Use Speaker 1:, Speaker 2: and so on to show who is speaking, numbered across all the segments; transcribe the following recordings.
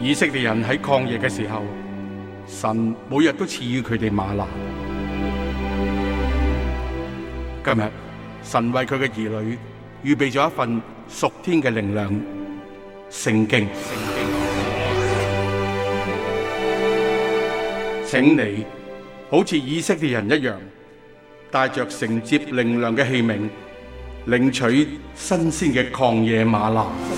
Speaker 1: 以色列人在曠野的時候，神每日都賜予他們嗎哪。今日神為他的兒女預備了一份屬天的靈糧聖經。聖經請你好像以色列人一樣，帶着承接靈糧的器皿，領取新鮮的曠野嗎哪。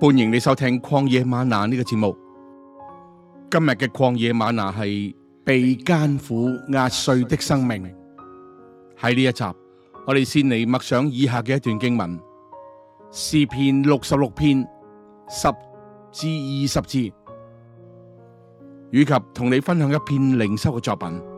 Speaker 1: 歡迎你收聽曠野嗎哪呢、這個節目。今日嘅曠野嗎哪係被艱苦壓碎的生命。喺呢一集，我哋先嚟默想以下嘅一段經文，詩篇六十六篇十至二十節，以及同你分享一篇靈修嘅作品。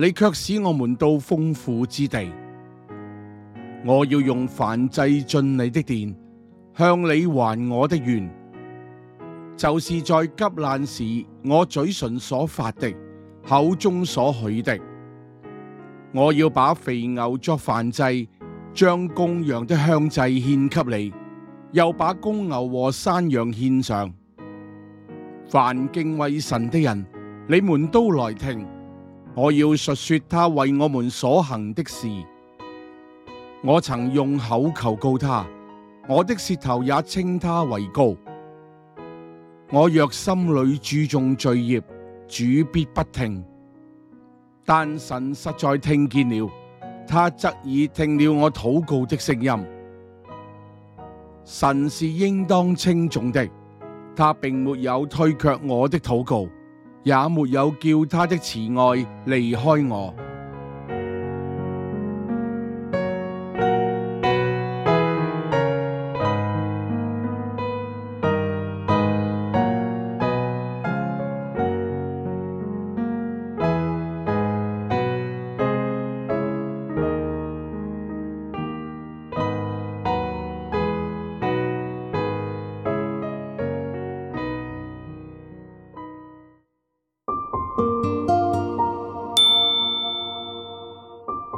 Speaker 1: 你卻使我們到豐富之地，我要用燔祭進你的殿，向你還我的願，就是在急難時我嘴唇所發的，口中所許的。我要把肥牛作燔祭，將公羊的香祭獻給你，又把公牛和山羊獻上。凡敬畏神的人，你們都來聽。我要述說他為我們所行的事。我曾用口求告他，我的舌頭也稱他為高。我若心裏注重罪孽，主必不聽；但神實在聽見了，他則已聽了我禱告的聲音。神是應當稱頌的，他並沒有推卻我的禱告。也沒有叫他的慈愛離開我。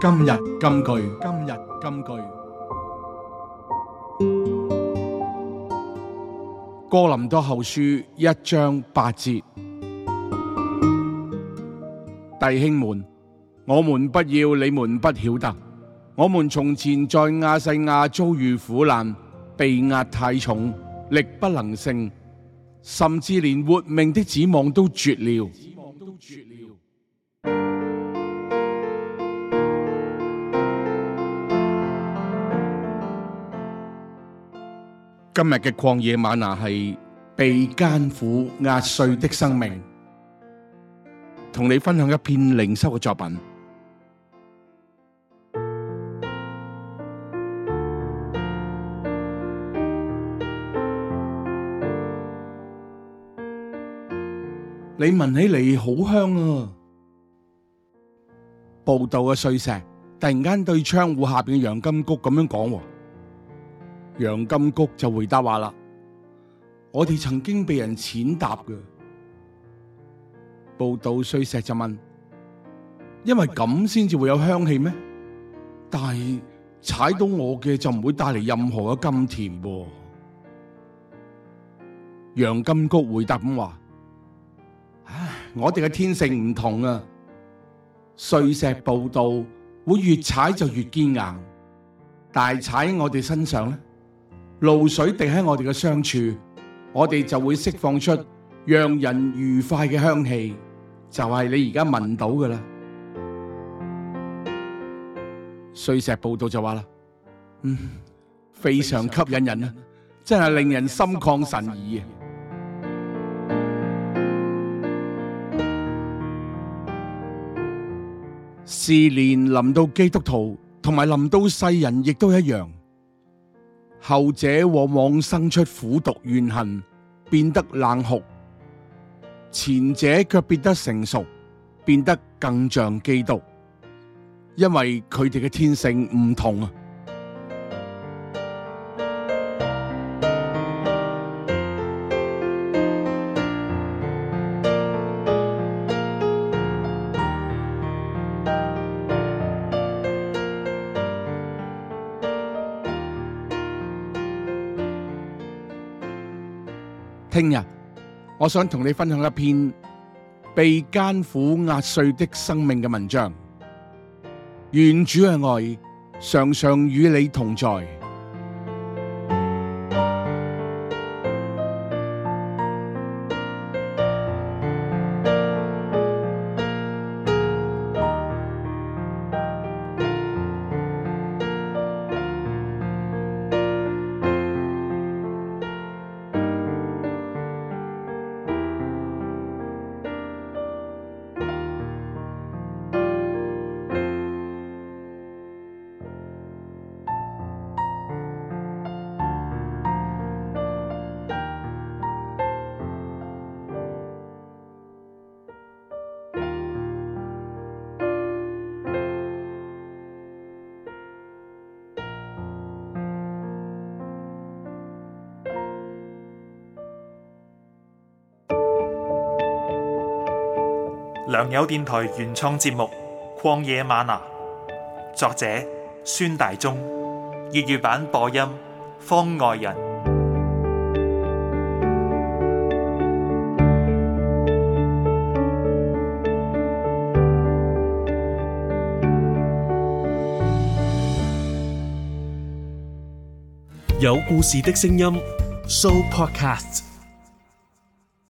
Speaker 1: 今日金句，今日金句。哥林多後書一章八節，弟兄們，我們不要你們不曉得，我們從前在亞細亞遭遇苦難，被壓太重，力不能勝，甚至連活命的指望都絕了。今日嘅曠野嗎哪係《被艱苦壓碎的生命》，同你分享一篇靈修嘅作品。你聞起嚟好香啊！報道嘅碎石突然間對窗戶下邊嘅洋金菊咁樣講。洋甘菊就回答話啦，我哋曾經被人踐踏嘅。步道碎石就問，因為咁先至會有香氣咩？但係踩到我嘅就唔會帶嚟任何嘅甘甜。洋甘菊回答咁話，唉，我哋嘅天性唔同啊，碎石步道會越踩就越堅硬，但係踩喺我哋身上咧。露水滴喺我哋嘅傷處，我哋就會釋放出讓人愉快嘅香氣，就係你而家聞到㗎喇。碎石報道就話啦，嗯，非常吸引人啊，真係令人心曠神怡啊！試煉臨到基督徒同埋臨到世人亦都一樣。後者往往生出苦毒怨恨，變得冷酷；前者卻變得成熟，變得更像基督，因為佢哋嘅天性唔同啊。聽日，我想同你分享一篇被艱苦壓碎的生命嘅文章。願主嘅愛，常常與你同在。良友電台原創節目《曠野嗎哪》，作者孫大中，粵語版播音方外人，有故事的聲音 show podcast。